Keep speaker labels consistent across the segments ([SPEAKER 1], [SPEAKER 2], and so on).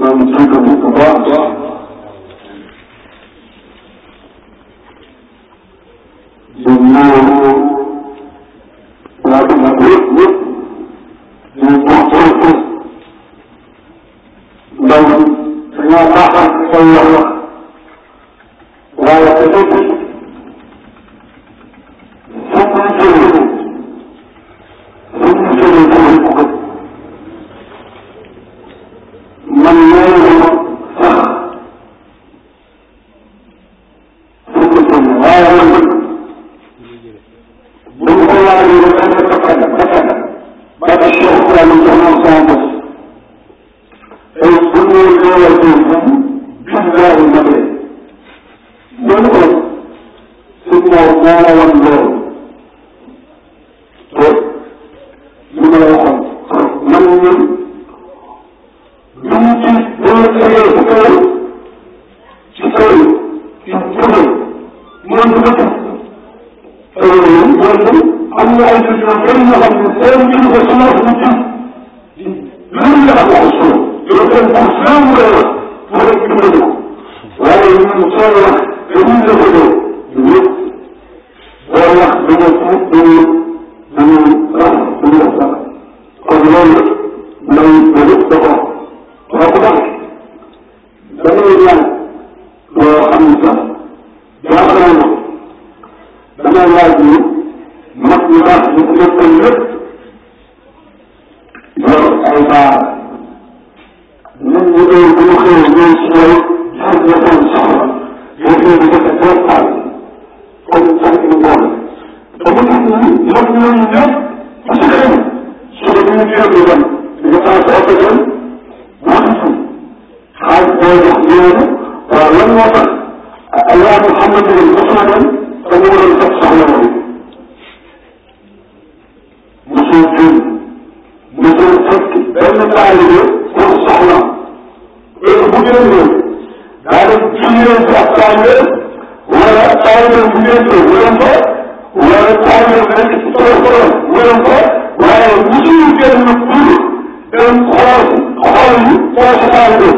[SPEAKER 1] maam tudd bu baax moom du ko def te loolu moom am na ay régions bëri yoo xam ne seen mbir ko semence bu jëm lu dul nga xam ne solo loolu seen pour seen réew pour rek dimbali ko benn taalibe pour soxlaam heure bu ngeen ñëw daa dem julli leen si ak taalibe wala taalibe bu ngeen ñëw wëram fa wala taalibe bu nekk ci tolof-tolof wëram fa waaye musul génn pour dem xool xool yi xool sa taalibe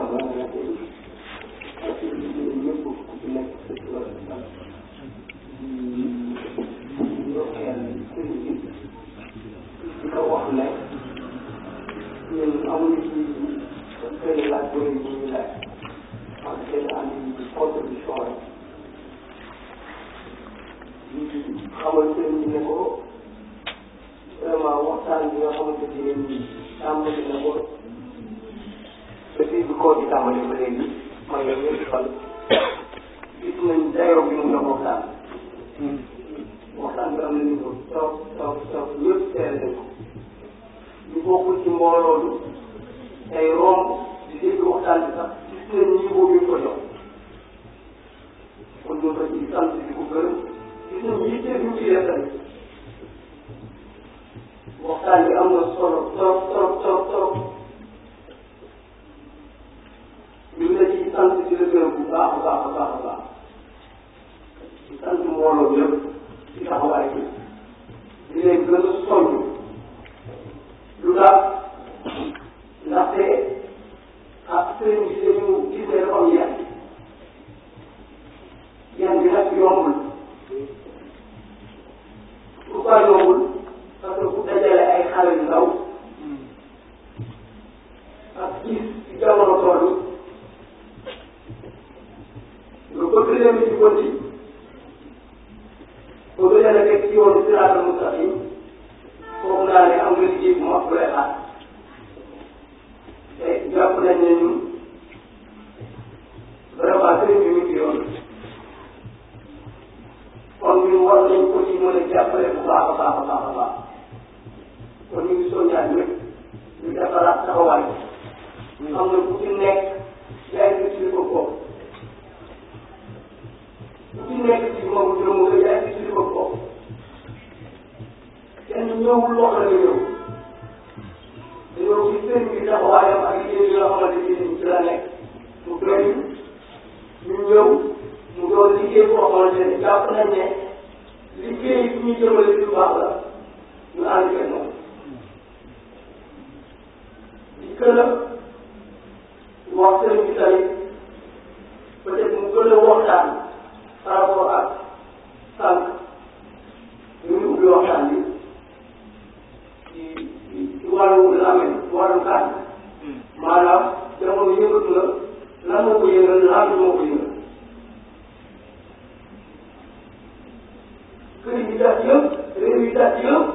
[SPEAKER 1] yëpp sëriñ bi taxawaayam ak liggéey bi nga xamante ni ci la nekk mu gën ñu ñëw mu doon liggéey boo xamante ni jàpp nañ ne liggéey bi ñuy jëmale ci lu baax la ñu ànd ak moom di gën a wax sëriñ bi tamit peut-être mu gën a waxtaan par rapport ak sànq ñu ngi ubbi waxtaan bi ci ci wàllu la amee wàllu kàddu hmm. maanaam jamono yëngatu na lan moo ko yëngal laaj moo ko yëngal kër yi tas yëpp réew yi tas yëpp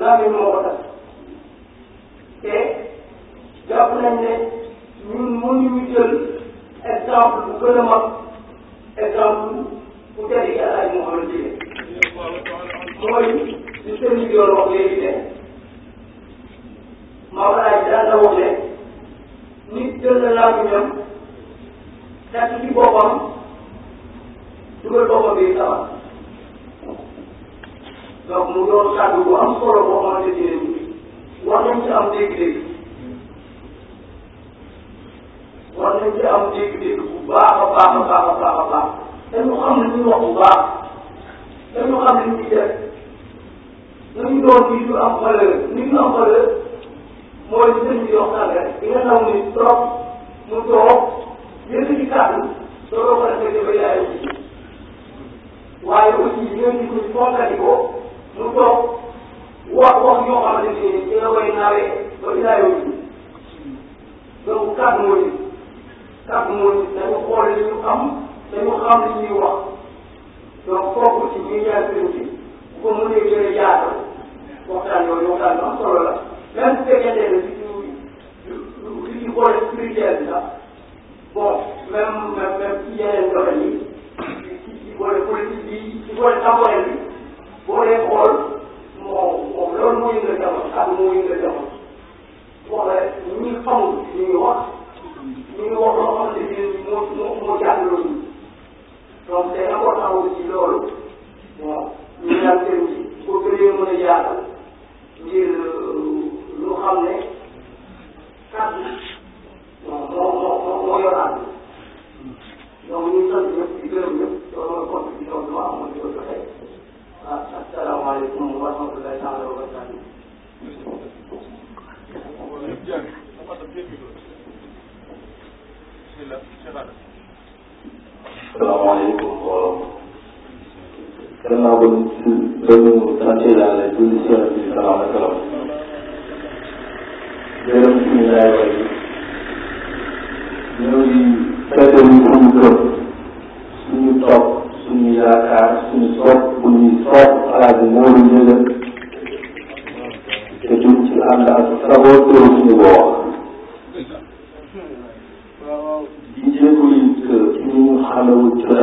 [SPEAKER 1] laaj yi moo ko tas te jàpp nañ ne ñun mënuñu jël exemple bu gën a mag exemple bu tedd ci Alaaji Muhammad mooy li sëñ bi doon wax léegi ne Maodo laaj daan la wax ne nit jël na làmmiñam takk ci boppam dugal boppam bi sawar donc mu doon kàddu bu am solo boo xamante ne war nañ ci am dégg-dégg war nañ ci am dégg-dégg bu baax a baax a baax a baax a baax te ñu xam li ñuy wax bu baax te ñu xam li ñuy def nañu doon nit ñu am valeur nit ñu am valeur mooy sëñ bi wax sànq rek di nga naw ni trop mu toog yëkkati kàddu dootoo ko respecté ba yaay aussi waaye aussi di nga gis ni fonkati ko mu toog wax wax ñoo xamante ne ci nga koy nawee ba yaay aussi donc kàddu moo di kàddu moo di dañu xool li ñu am dañu xam li ñuy wax donc foofu aussi ñu ñaar sëñ bi bu ko mënee gën a yaatal waxtaan yooyu waxtaan bu am solo la. même su fekkee ne duñu duñu boole spirituel bi sax bon même même même ci yeneen domaine yi ci ci boole politique bi ci boole temporel bi boo dee xool moom moom loolu moo yëngal jamono ak moo yëngal jamono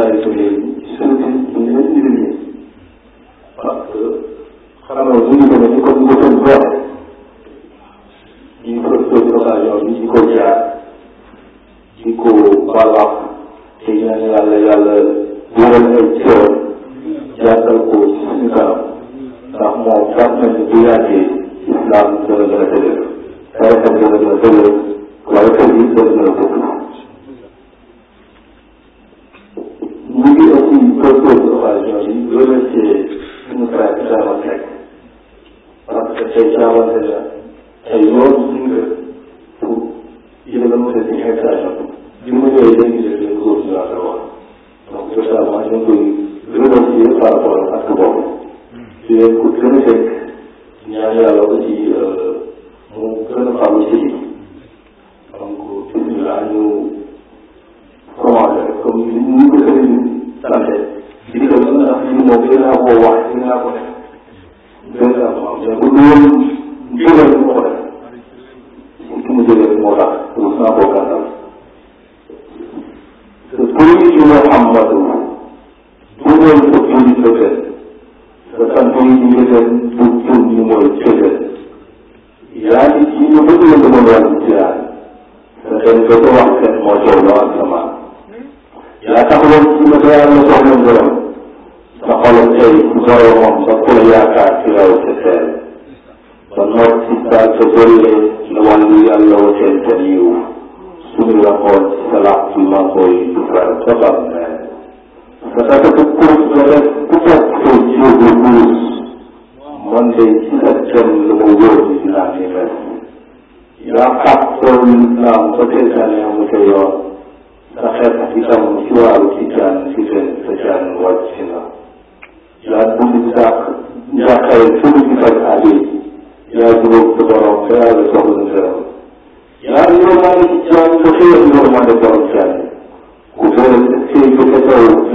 [SPEAKER 1] xarit yooyu ci sunu biir ñu leen diviser parce que xam nga bu ñu demee ci comme nga seen bopp di profité ci occasion bi di ko jaar di ko balaax te ñaan yàlla yàlla wóoral ay coono jàppal ko ci suñu kanam ndax moom jàpp nañ ne bu yàggee islam dana gën a dëgër dana gën a dëgër waaye kër yi dana gën a dëgër dole ce sun karatu da wata ba ka sai ta wata da a yi yawan sun ga ku ila zama da sun haita a shafu duk mun yi zai da sun zo su na rawa ba ku ta ba sun zo dole su yi fara fara a ka ba ku sai ku kan sai ya yi a lokaci mu kan faru shi an ko tun da an yi kuma da kuma ni ka sani ta ci digal bi nga xam ne moom gën naa koo wax gën naa ko def gën naa ko am mais bu dul woon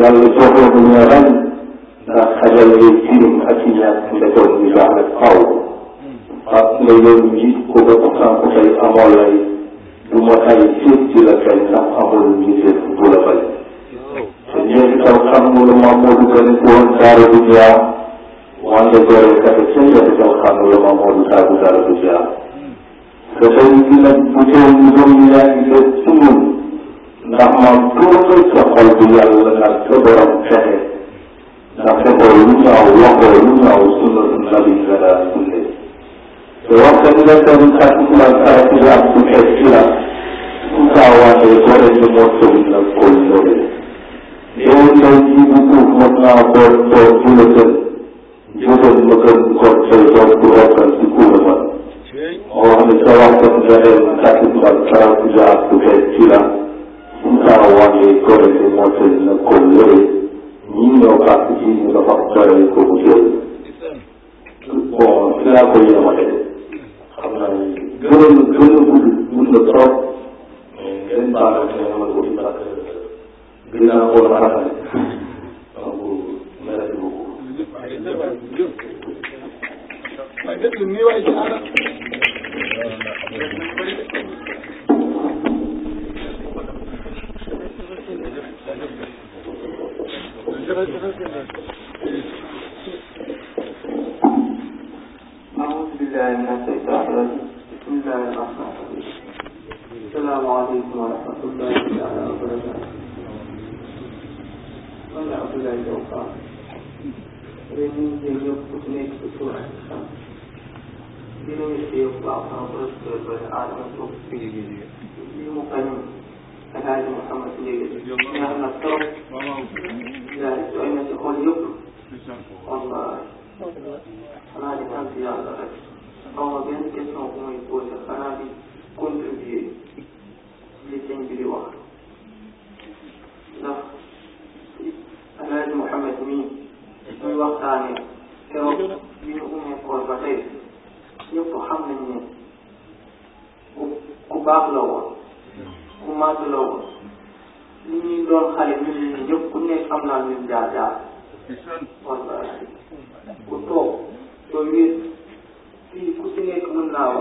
[SPEAKER 1] yàlla jox la ko ñaareel ndax xajal ngay tilim ak i ñaar ndekoon ñu baax rek faaw ah nga yoon ji ko ba sànq tey amoo lay du ma ay féet ci la kay ndax amul ñu def bu la bay te ñeenti taw xam nga lu ma moo dugal ko woon daara bu jaar wante gore kate ca ñeenti taw xam nga lu ma moo du taagu daara bu jaar te tey nag bu teew ñu doon yaa ngi def ci ñun ndax moom tuuti sa xol bi yàlla nag sa borom fexe ndax defoo lu ñaaw waxoo lu ñaaw sunnatu nabi nga daa sunne te waxta nga dem ak islam saa islam bu xeet islam su saawaatee boole ñu moo tëbi nag koy lore yow ndaw ji bu tuuf mën naa boor boor bu la gën jëfal ma gën kon say doom du rokkal di kuula man moo wax ne sa waxta nga dem ak islam saa islam bu xeet islam suñ saa waxee kóllëre bi moo tëj na kóllëre ñii ñoo participer ñu dafa tëral ko bu tëj bon si laa ko yéem a teg xam naa ni gënoon gën a gudd gudd na trop mais ngeen baal ak ngeen mën ko ci parce que
[SPEAKER 2] gën naa ko rafetal
[SPEAKER 1] ne keroog bi ñu umee koor ba tey ñëpp xam nañ ne ku ku baax la woon ku màgg la woon ni ñuy doon xale ñun ñun ñëpp ku nekk am naa ñun jaar jaar wallaahi ku toog doo wér fii ku si nekk mën naa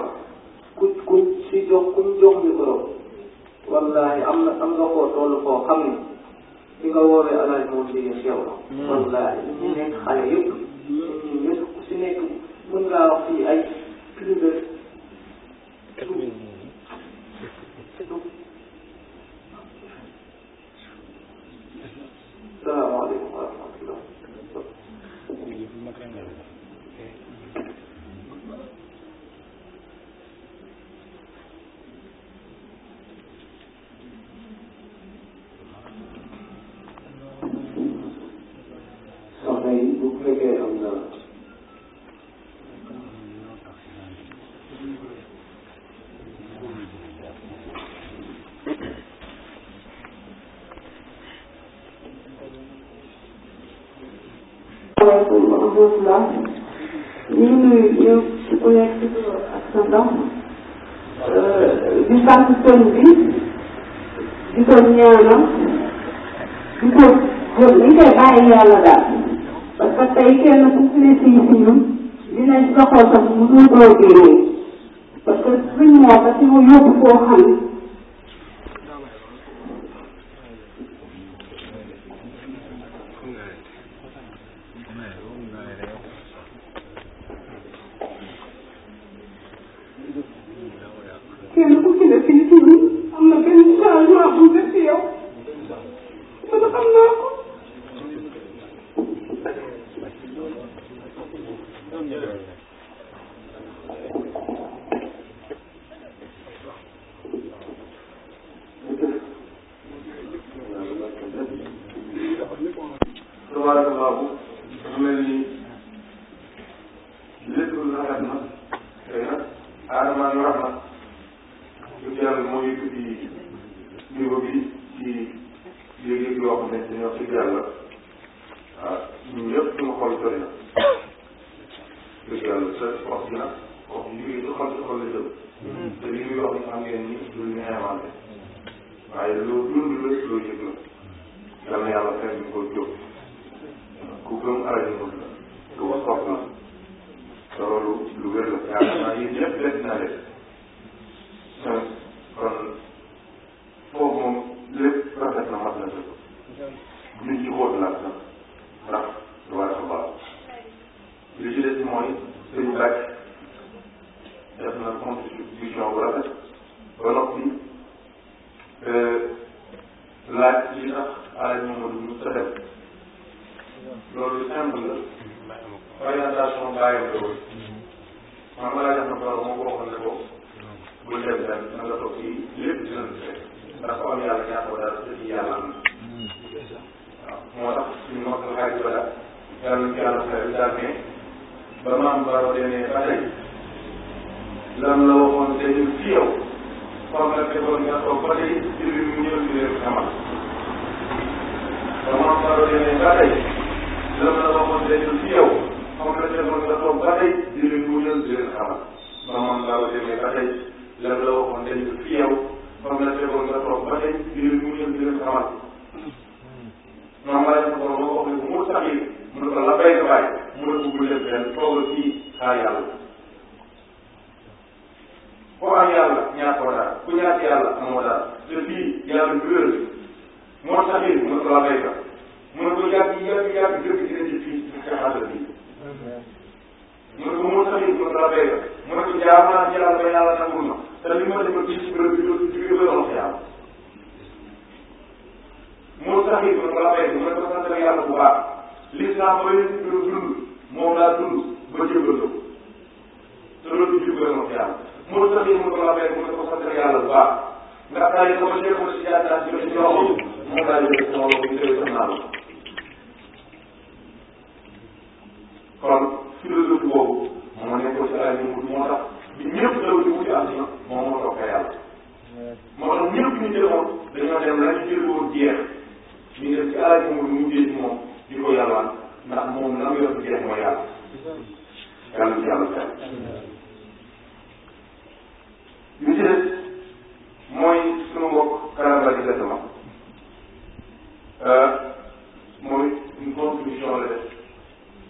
[SPEAKER 1] ku ku si jox ku jox micro wallaahi am na am nga koo toll koo xam ni li nga woowee alal moom léegi xew na. Hmm. wallaahi ñi nekk xale yëpp. ñun ñëpp ku si nekk mën ngaa wax fii ay plus de. salaamaaleykum wa rahmatulah. asalaamaaleykum wa rahmatulah ñu ngi nuyu ñëpp ci ku nekk ci turam ak sa ndam di sant sëñ bi di ko ñaanal di ko li koy bàyyi yàlla daal parce que tey kenn ku ci ne fii si ñun dinañ soxal sax mu doon doon parce que suñ moo tax si mu yóbbu foo xam الله moom waxoon na ko buñ dem daal na nga toog ci lépp dina fekk ndax ku am yàlla ñàkkoo dara te ci yàlla am waaw moo tax suñu wax nga xarit ba daal yàlla nañu yàlla xel daal ne ba maam Baro demee ba tey lan la waxoon te ñun ci yow comme nag defoon nga toog ba tey jur gi mu ñëw di leen xamal ba maam Baro demee ba tey lan la waxoon te ñun ci yow comme nag defoon nga toog ba tey jur gi mu ñëw di leen xamal. ma mën laa wutalee ba tey lan la waxoon dañ ko fi yow moom la tegoon nga toog ba tey mbir mi mu jëm di leen xamal. moom laaj ko borom moo ko wax ne ko mu taxil mu ne ko la bay baay mu ne ko bu def benn toogal fii xaar yàlla. ku am yàlla ñaakoo daal ku ñaak yàlla amoo daal te fii yàlla du wér moo taxil mu ne ko la bay ba mu ne ko yàgg yàgg yàgg dëgg dina ci fii ci xaaral bi. mu ne ko moo taxit ma dara béy la mu ne ko jaamu naa ci yàlla ba yàlla nangul ma te li ma defal ci ci béréb bi dootul ci biir loxo yàlla moo taxit ma dara béy mu ne ko sant na yàlla bu baax l'islam ba yéen ci dund moom laa dund ba jébbal ko te loolu ci biir loxo yàlla moo taxit ma dara béy mu ne ko sant na yàlla bu baax ndax daal yi ma jéem a si jaataat bi ma ci joxoon moom laa jëlee sama loxo bi jëlee sama naa kon yàlla ñëwul moo tax bi ñëpp daw di wuti àdduna moom moo toog yàlla moo tax ñëpp ñu jëloon dañoo dem la ñu jël woon jeex ñu dem ci alal ji mu mujjee ci moom di ko yàllaan ndax moom la mu yor jeex mooy yàlla yàlla ci yàlla fekk li ci des mooy suñu mbokk Canada di desema euh, mooy une contribution la def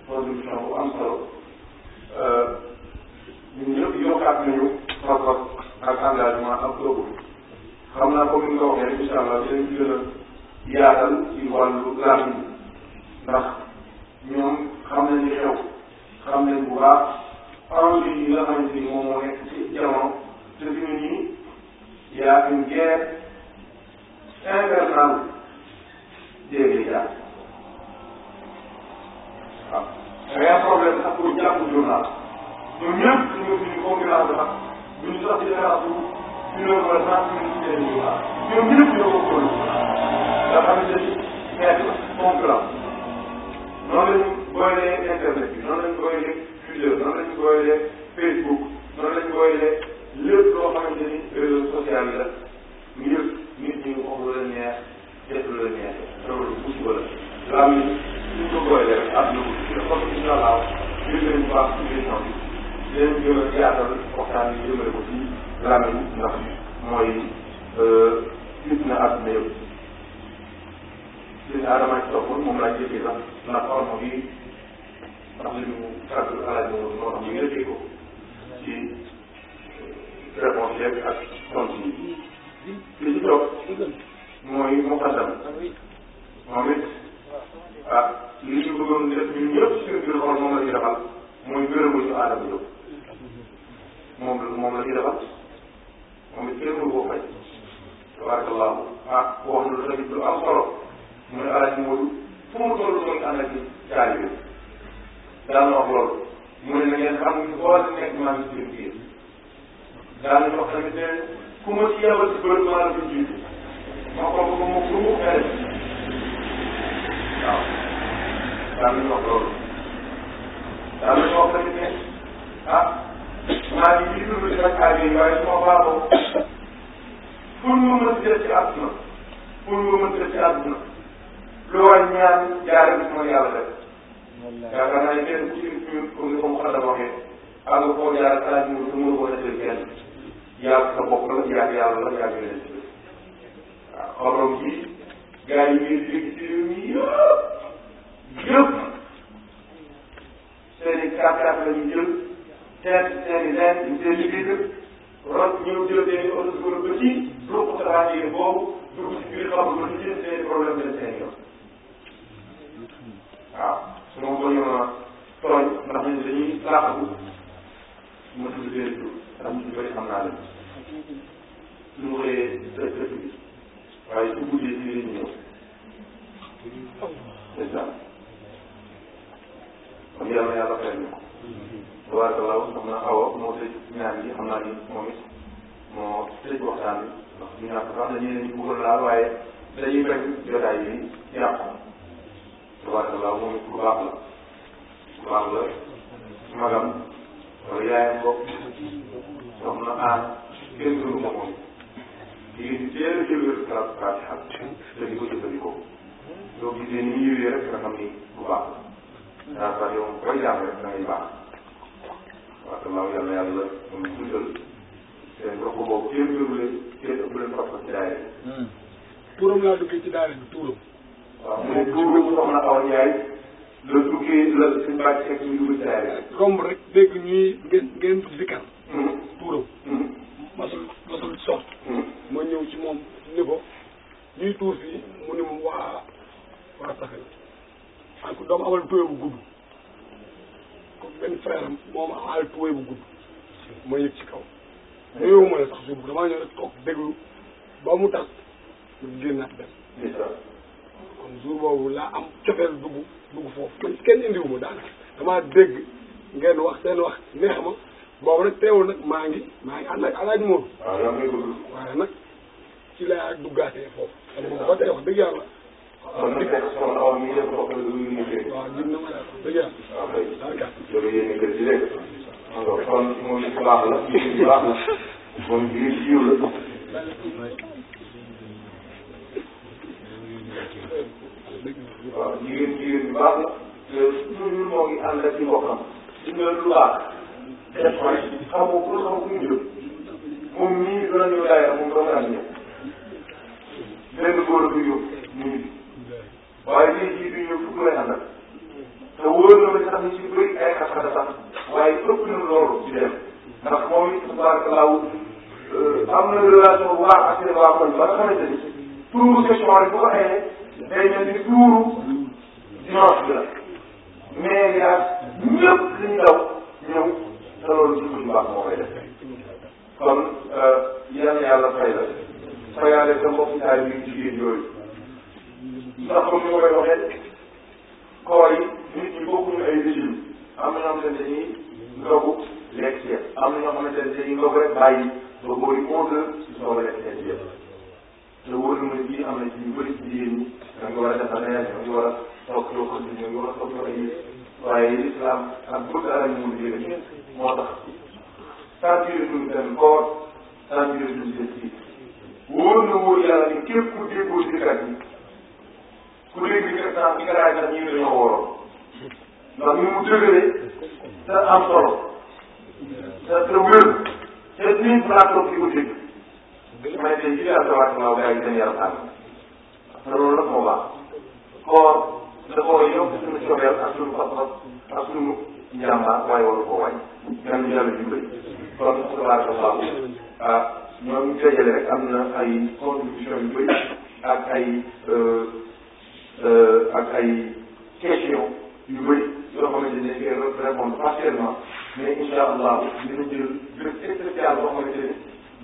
[SPEAKER 1] contribution bu am solo euh, ñun ñëpp yokkaat nañu pas-pas ak engagement ak ëpp xam naa comme ni nga ko waxee incha allah dinañ gën a yaatal ci wàllu làmmiñ ndax ñoom xam nañ li xew xam nañ bu baax enjeu yi nga xamante ni moom moo nekk ci jamono te fi mu nii y a une guerre infernale des médias waaw. da ngay am problème ak pour jàpp journal ñoom ñëpp ñu ngi suñu conférence sax bu ñu sax ci différence bu une heure wala trente minutes ci ñu baax ñoom ñëpp ñoo ko góorlu nga xamante ni xeet la conférence noonu lañu booylee internet bi noonu lañu booylee Twitter noonu lañu booylee Facebook noonu lañu booylee lépp loo xamante ni réseau social yi la ngir nit ñi wax lu la neex def lu la neex loolu musiba la laa mi suñ ko booylee rek àdduna ko parce que incha allah gis nañu baax ci émission bi di leen gën a yaatal waxtaan yi jëmale ko ci làmmiñ ndax mooy euh, fitna àdduna yëpp suñu aadama ci topp moom laa jëkkee sax ndax ormo bi ndax li mu kàddu alaaj moo moo tax ñu yëkkee ko ci réponse yeeg ak tontu yi li ci topp mooy muqaddam moom it ah li ñu bëggoon def ñun ñëpp suñu biir xol moom la ñu defal mooy gërëmu ñu aadama yëpp moom la moom la ñu defal moom it kenn du ko fay tabarakallahu ah wax na lu tamit lu am solo mu ne alaaji Moodu fu mu toll mooy ànd ak taal yi daan na wax loolu mu ne na ngeen xam ni boo nekk maa ngi seen biir daan nañu wax tamit ne ku ma ci yabal ci bërëb maa la fi jiitu ma xool ko ma ko mu xel waaw daan nañu wax loolu daan nañu wax tamit ne ah maa ngi jiitu lu ci nag àgg yi waaye su ma baaxoo pour nga mën a jël ci àdduna pour nga mën a jël ci àdduna lu waay ñaan jaare bi mooy yàlla def. yaakaar naa ne kenn ku ci ñun pour nga ko mu xasal waxee àgg koo jaare xalaat ñu nga mën ko jël kenn yàgg sa bopp la yàgg yàlla la yàgg yàlla ci waaw xorom ji gars yi ñuy dégg ci réew mi yëpp yëpp seen i kàttan la ñu jël. seen seen i leen ñu seen i biir rot ñëw jël seen i oto dugal ba ci ruuxu saraatee boobu dugg ci biir xamul lu jël seen i problème dem seen yoon waaw su ma ko ñëwoon a tooñ ndax ñun dañuy laaxatu ma tudd seen i tur ndax ñu bëri xam naa leen su ma xëyee dëkk dëkk bi waaye su guddee ci lañ ñëw c'est ça kon yàlla yàlla fay ñu ko tabaarakallaahu soxna Awa moo tëj ñaan gi xam naa ni moom it moo tëj waxtaan bi ndax ñu ñàkk sax dañuy ne ñu bëggoon laal waaye dañuy bañ jotaay bi yàqu tabaarakallaahu moom it ku baax la ku baax la magam yaayam bopp soxna aar kenn gënu ma moom jigéen ñi teel a jël salaatul faatiha te di ko jëfandikoo soo gisee ni ñu yëwee rek nga xam ni bu baax la salaatul faatiha moom koy jàng rek da ngay baax waaw te maam yàlla yàlla moom guddal seen dox boobu kenn gënu leen kenn ëpp leen pas-pas ci daara bi. Hmm. tuuram laa duggee ci daara bi tuuram. waaw mu ne tuuram soxna Awa Ndiaye la duggee la suñu bàcc fekk ñu dugg ci daara bi. romb rek dégg ñuy ngeen ngeen zikar. Hmm. tuuram. Hmm. masul masul sox. ma ñëw ci moom ne ko ñuy tuur fii mu ne ma waa waa sax yi. ah doomu amal tuure bu gudd. benn frère am moom aal tuwee bu gudd ma yëg ci kaw nuyoo ma ne sax suuf damaa ñëw rek toog déglu ba mu tas mu génnaat dem kon jour boobu laa am cofeel dugg dugg foofu man kenn indiwu ma daanaka damaa dégg ngeen wax seen wax neex ma boobu nag teewul nag maa ngi maa ngi ànd ak alaaj moom ah, waaye nag ci laa duggaatee foofu ba tey wax dëgg yàlla kon li fekk kon aw mi yëpp bokk na lu ñu liggéey. waaw kay loolu yéen a gën di dégg. donc kon moom it baax la jiw baax la moom jiw jiw la. waaw jigéen jigéen bi baax la te toujours moo ngi ànd ak ci boppam su ñu lu baax def ko xam nga pour xam ku ñu jóg moom mii dana ñëw daayira moom doo ko daan ñëw xamante ni moo tax sentir duñ seen koor sentir duñ seen tiit wóor na wóor yàlla ni képp ku déggoo sikkat yi ku dégg bi kat di karaay sax ñii dañoo wóoroon ndax ni mu dëgëree te am solo te te wér te suñ plateau bi ko dégg may tey ci yàlla tabaaraka laaw gars yi seen yaram tàng te loolu nag moo baax koor da koo yokk suñu cofeel ak suñu pas-pas ak suñu ci jàmbaar waaye waru koo wàññi. yal na yàlla dimbali. kon tabaraka allahu ah ñoom ñu dajale rek am na ay contribution yu bëri ak ay euh, euh, ak ay question yu bëri yoo xamante ne dañ koy répondre partiellement mais incha allah dina jël jël spécial boo xamante ne.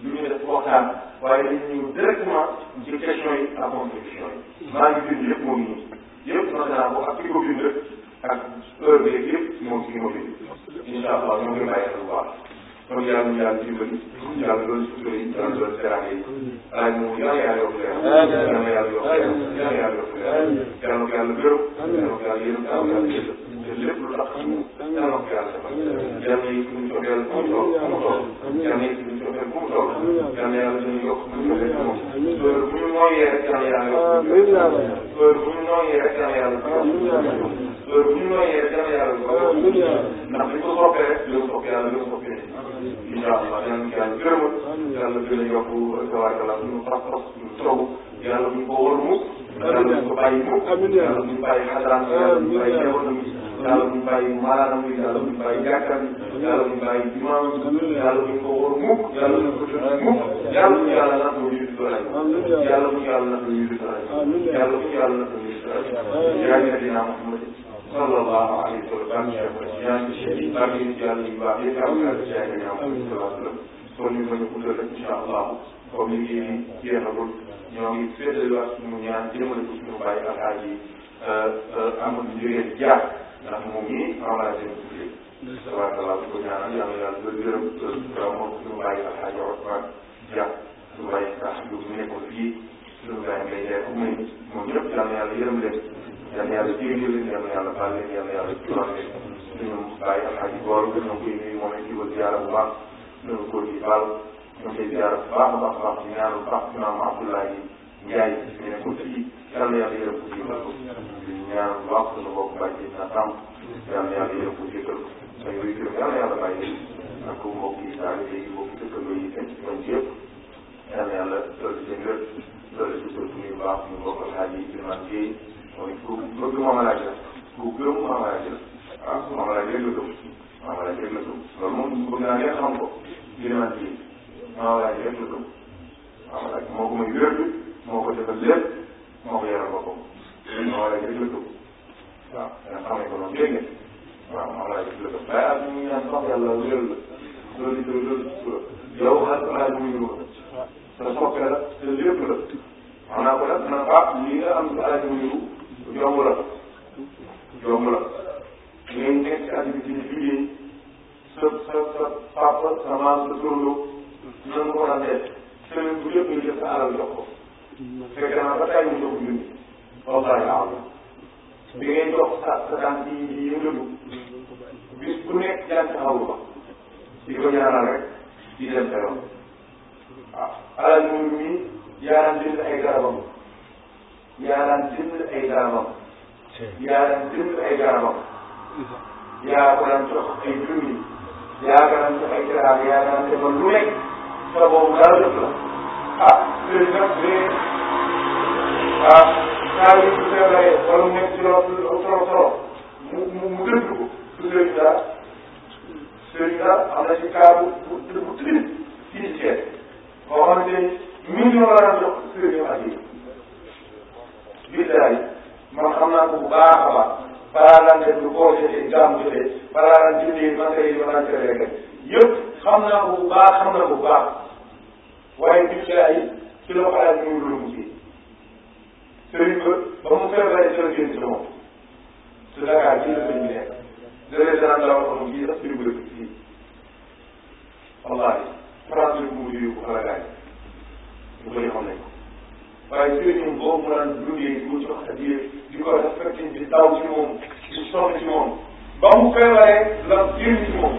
[SPEAKER 1] du ñu def waxtaan waaye dañu ñëw directement ci question yi ak contribution yi. maa ak heure bi yëpp moom si moom it incha allah ñoo ngi bàyyi bu baax kon yàlla ñu yàlla dimbali yàlla doon sutura yi yàlla doon teraanga yi laaj moom yàlla yàlla yokk leer yàlla yàlla yokk leer yàlla yàlla yokk leer yàlla ko yàlla gërëm yàlla ko yàlla yërëm yàlla yàlla yërëm te lépp lu tax ci moom yàlla ko yàlla defal yàlla yi ñu soxeel bu mu toll bu mu toll yàlla yi ñu soxeel bu mu toll yàlla yàlla dañuy yokk bu ñu soxeel ci moom heure bu ñu nooyee rek yàlla yàlla yokk heure bu ñu nooyee rek yàlla yàlla yokk heure bu ñu nooyee jàmm yàlla bu baax. ndax bu ñu ko soppee rek dina sopp yàlla dina sopp yéen. incha allah dinañ yàlla gërëmal. yàlla gën a yokk tabaarkalla suñu pas-pas suñu taw. yàlla bu ñu ko wóor mukk. yàlla bu ñu ko bàyyi mukk. yàlla bu ñu bàyyi xadaraan yàlla bu ñu bàyyi jabaram yi. yàlla bu ñu bàyyi maalaanam yi yàlla bu ñu bàyyi jàkkaam yi. yàlla bu ñu bàyyi imaam yi. yàlla bu ñu ko wóor mukk. yàlla bu ñu ko tënk mukk. yàlla bu ñu yàlla nax ñu di doole. yàlla bu ñu yàlla nax ñu di doole. yàlla bu ñu yàlla nax ñu di doole. yaa ngi ne dinaa Muhammad sallallahu alayhi wa sallam ñaan ci seen i barke yu yàlla yu baax yi am ak jaay nga ñaaw alayhi salaam kon ñu mën a guddal rek incha allah comme li ngeen di jeexagul ñoo ngi féetaliwaat suñu ñaan jëmale ko suñu bàyyi alxaaji Amadou Ndiogène Dia ndax moom mii en la seen suñu tabaarkalla ko ñaanal yàlla yàlla ba gërëm moom suñu bàyyi alxaaji Ousmane Dia suñu bàyyi sax yu mu nekkoon fii suñu bàyyi mbay jaay ak moom ñëpp yàlla yàlla yërëm leen yal na yàlla jéggal leen yal na yàlla baal leen yal na yàlla cural leen suñu bàyyi alxaaji boor gën na koy nuyu moom it di ko ziara bu baax ñu ngi ko di baal ñu ngi koy ziara bu baax a baax baax di ñaanal bu baax imaam Abdoulaye Ndiaye ñu ne ko fii yal na yàlla yërëm ko jéggal ko di ñaanal bu baax suñu bokk bàyyi na sàmm yal na yàlla yërëm ko jéggal ko ay wéy kër yal na yàlla bàyyi leen ak ko mbokk yi daal léegi mbokk dëkkandoo yi nekk ñoom ci yëpp yal na yàlla dolli seen wér dolli si suñu baax ñu bokk alxaaji Ilimane Gueye mooy ku bëgg moom laa jël ku gëm moom laa jël ah moom laa jël la gëm moom laa jël la gëm loolu moom bëgg naa ngeen xam ko ci li ma ci moom laa jël la gëm moom laa moo ko may wér moo ko defal lépp moo ko yaral boppam moom laa jël la gëm waaw dana xamee ko noonu dégg waaw moom laa jël la gëm waaye ak ñu ñaan sax yàlla wér la loolu it loolu yow xas naa ñu ñu te soppe la te lépp la xam naa ko nag na ah lii nga am ci alaaj mu ñu yomb la yomb la ngay nekk activité bi liggéey sa sa sa papa sa maam sa turandoo nan nga ko daan def semaine bu jot nga jël sa alal jox ko mm-hmm. fekk naa ba tàyyi jox ko nit wallahi aw bi ngay jox sa sa tànk yi di yëngatu mm-hmm. bis bu nekk jàng xawlu ba di ko ñaanal rek di dem sa yoon mm-hmm. waaw alal moom mi yaaraan jënd ay garabam yaa daan jënd ay garabam. yaa daan jënd ay garabam. yaa ko daan jox ay junni. yaa ko daan jox ay garab yaa daan defal lu nekk. sa boobu dara def la. ah léegi nag bee ah saa yu ñu feebaree wala mu nekk ci loolu trop trop mu mu mu dënd ko. du léegi dara. léegi dara am na ci cas bu bu bu triste initié. boo xamante ni million la daan jox sëriñ ak yi. billahi man xam naa ko bu baax a baax balaa daan def lu koo jotee gàmm jotee balaa daan julli man kay ma daan tere rek yëpp xam naa ko bu baax xam naa ko bu baax waaye billahi ci la ko alaaj bi mu lu ci sëriñ ba ba mu feebaree ci la génn ci moom ci Dakar bii la ñu nekk léeg-léeg danaan la waxoon kii sax suñu bëgg fii wallahi France bi mu wuti yu ko xalaat ñu bëri xam nañ ko waaye féeteem boobu ma naan dundee di ko jox addiya di ko respecté di daw ci moom di sonn ci moom ba mu feebaree la génn ci moom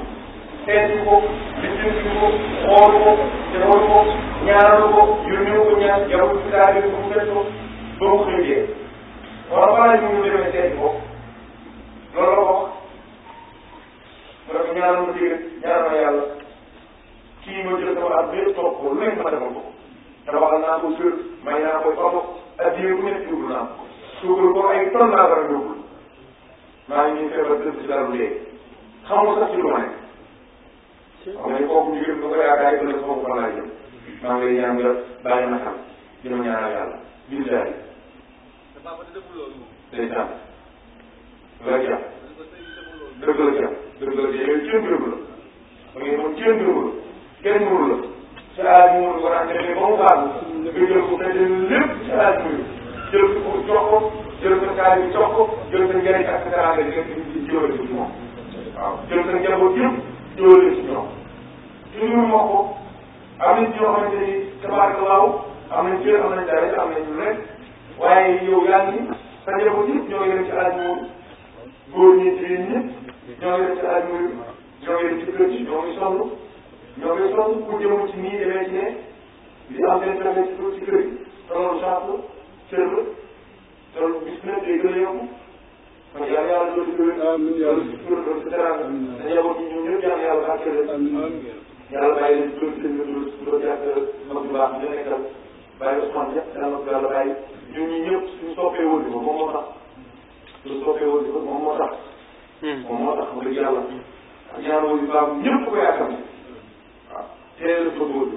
[SPEAKER 1] seeti ko di jëndi ko xoolu ko teewal ko ñaanalu ko yónnee ko ñaan jaww ji daal di ko fekk ko ba mu xëy dee wala balaa ñu mu demee seeti ko loolu la ko wax mu ne ko ñaanal ma dégg ñaanal ma yàlla kii ma jël sama at bépp toog ko lu nekk ma defal ko tabaxal naa ko kër may naa ko oto addiyee bu nekk yóbbu naa ko suukar ko ay tonn laa dara yóbbu maa ngi feebar dëgg ci dalu dee xamul sax ci lu ma nekk xam nga ni kooku ñu gëm nga ko yaakaar ëllëg foofu fan laa jëm maa ngi lay ñaan nga bàyyi ma xam dina ñaanal yàlla billahi day tànn la jàpp dëgg la jàpp dëgg la jàpp yow kenn gërëm la da ngay moom kenn gërëm la kenn mënu la ci laaj bi ko daan defee ba mu baax nga jël ko dajale lépp ci laaj bi jël ko jox ko jël sa kaay bi jox ko jël sa njëriñ ak sa teraanga bi def ci jiwale ci moom waaw jël sa njaboot yëpp jiwale ci ñoom toujours moo ko am nañ ci yoo xamante ni tabaarakallaahu am nañ cër am nañ daraja am nañ lu nekk waaye yow yaa ngi sa njaboot yëpp ñoo ngi dem ci laaj boobu góor ñi jigéen ñi ñoo ngi dem ci laaj boobu ñoo ngi dem ci kër gi ñoo ngi sonn ñoo koy soppi pour jëmm ci nii demee ci ne li am benn benn ci kër ci kër gi. tolloo saako cër la toll bis bu nekk day gën a yokku kon yàlla yàlla doon ci kër doon ci kër doon ci dara te njaboot yi ñoom ñëpp yàlla yàlla baaxee leen. yàlla bàyyi leen doon seen doon doon jàpp mag bu baax ñu nekkal bàyyi Ousmane yëpp yàlla mag yàlla bàyyi ñun ñii ñëpp suñu soppee wóor ko moom moo tax suñu soppee wóor ko moom moo tax. Hmm. moom moo tax wax dëgg yàlla ak ñaar wóor yu baax ñëpp ko yaakaar teel a bëggoon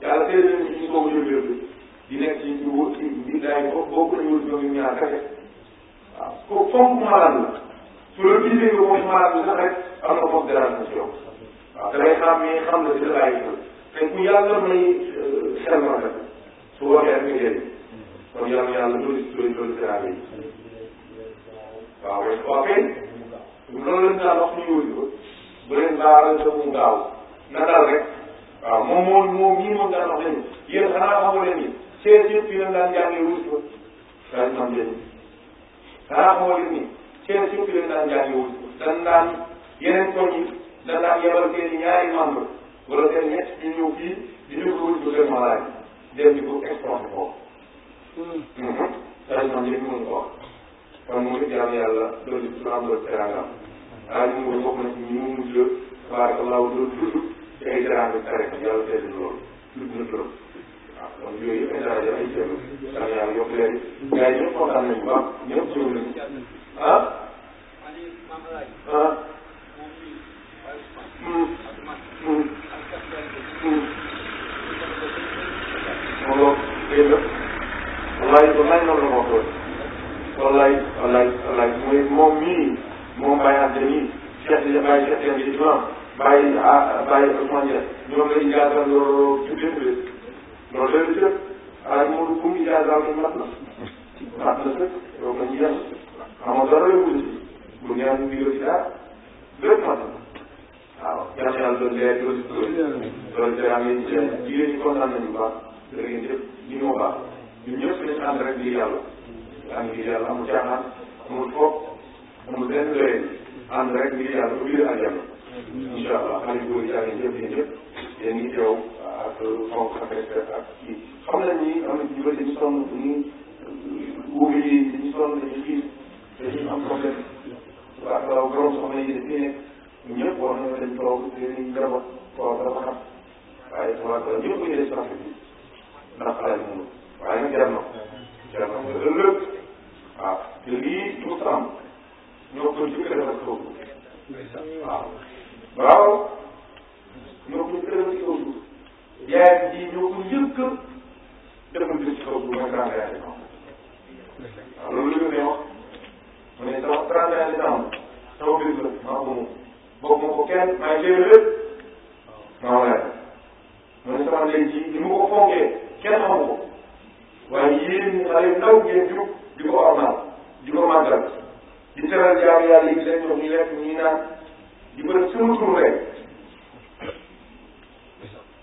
[SPEAKER 1] yàlla teel nañu ci ñu ko wut a di nekk ci ñu wut di daay ko bokk nañu wut ñoom ñaar kese waaw ko fonk malade la su la gisee nga moom malade bi sax rek am na foofu dérangement ci yow waaw da ngay xam mais xam la di la bàyyi xel te ku yàlla may euh, xel ma rek su waxee ak nga kon yàlla yàlla dooli dooli dooli teraanga yi waaw waaw kay loolu lañ daan wax ñu wóor ko bu leen baaral sa mu gaaw na dal rek waaw moom moo moom ñii moom daan wax leen yéen xanaa xamu leen ni seen yëpp yi leen daan jàngee wut ko daan xam leen xanaa xamu leen ni seen yëpp yi leen daan jàngee wut ko dan daan yeneen koñ yi dan daan yebal seen ñaari membre wala seen ñett ñu ñëw fii di dugg wut ko seen malaay dem di ko exporté ko hmm. daan xam leen mën ko wax kon mu ngi jaam yàlla loolu du am loolu terangam waaye ñu ngi bokk na ci ñu mujj la tabaarakallahu loolu tey grand bi pare yàlla seetlu loolu lu trop waaw donc yooyu yëpp ay dara yëpp ay jéem a yàlla yokk leen gars yi ñëpp kontaan nañu baax ñëpp jiw nañu ah ah moom dégg nga wallaay wallaay noonu la ma ko wallaay wallaay wallaay mooy moom mii moom bàyyi at dañuy seet li bàyyi seet leen ci imam bàyyi ah bàyyi comment dire ñoom la ijaasa ndoo ci février loolu la ay Modou kum ijaasa bi mat na mat na sëkk loolu la ñuy def amoo dara la wuti bu ñaan mu ngi ci dara lépp mat na waaw yàlla yàlla doon leer doon doon jërë ngeen jëf jigéen ñi kontaan nañu bu baax jërë ngeen jëf ñu ñoo baax ñun ñëpp nañu ànd rek ngir te lii du sàmm ñoo ko njëkk a defal kaw waaw bravo ñoo ko njëkk a defal ci kaw suuf yaayam ji ñoo ko njëkk a defal ci kaw suuf mooy trente et un waaw loolu la ñu wax mu ne sama trente et un ans sama biir la maa ko moom boobu moo ko kenn maa ngi génn lépp maa laaj mu ne sama ndey ji ni mu ko fonkee kenn xamu ko waaye yéen xale ndaw ngeen jóg di ko ornal di ko màggal di teral jaamu yàlla yi di leen jox ñu lekk ñuy naan di ko def sama tur rek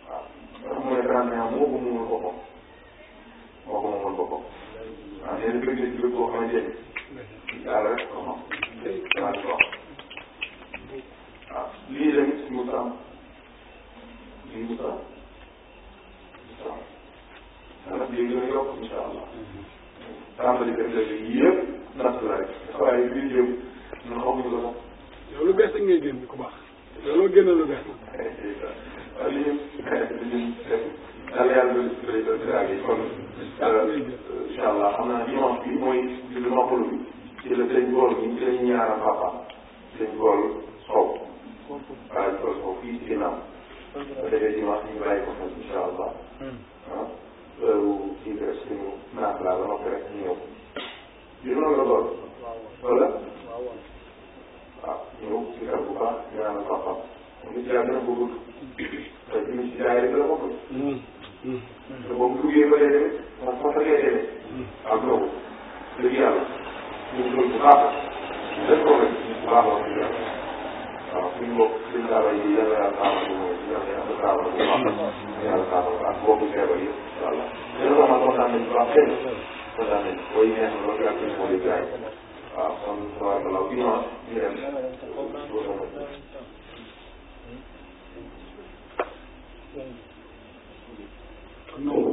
[SPEAKER 1] waaw loolu mooy rendement moo ko mënul boppam moo ko mënul boppam waaw nee na bëgg na ci bëgg boo xamante ni yàlla rek ko xam yàlla ko xam waaw lii tamit mu sàmm lii mu sàmm mu sàmm xanaa lii gën a yokk incha allah tàmbali def la yëpp natt la rek saa yi biy jéem ñun xamuñu la moom. yow lu bees rek ngay génn ku baax. looloo génne lu bees. waaw li ñu li ñu daal yàlla doon lay doon daal yi kon. Ah, euh, incha allah xam naa dimanche bi mooy li noppalu bi. ci la sëñ bool bi ci la ñu ñaanal papa. sëñ bool sow. waaw bool sow fii ci ginnaaw. ba déggee dimanche ñu bàyyi ko fa incha allah. jaay rek la bokk. te boobu duggee ba dee tamit moom foofu la koy demee. ak loolu dëgg yàlla ñu ngi bu baax def ko rek bu baax la wax dëgg waaw suñu bopp suñu saaba yi yàlla yàlla saaba bu yàlla yàlla saaba bu baax yàlla saaba ak boppu feebar yi incha allah. yàlla sax man kontaan nañu bu baax kenn kontaan nañu booy neex na loolu ak suñu moo di jaay waaw kon tabaarkalla bi ñu dem non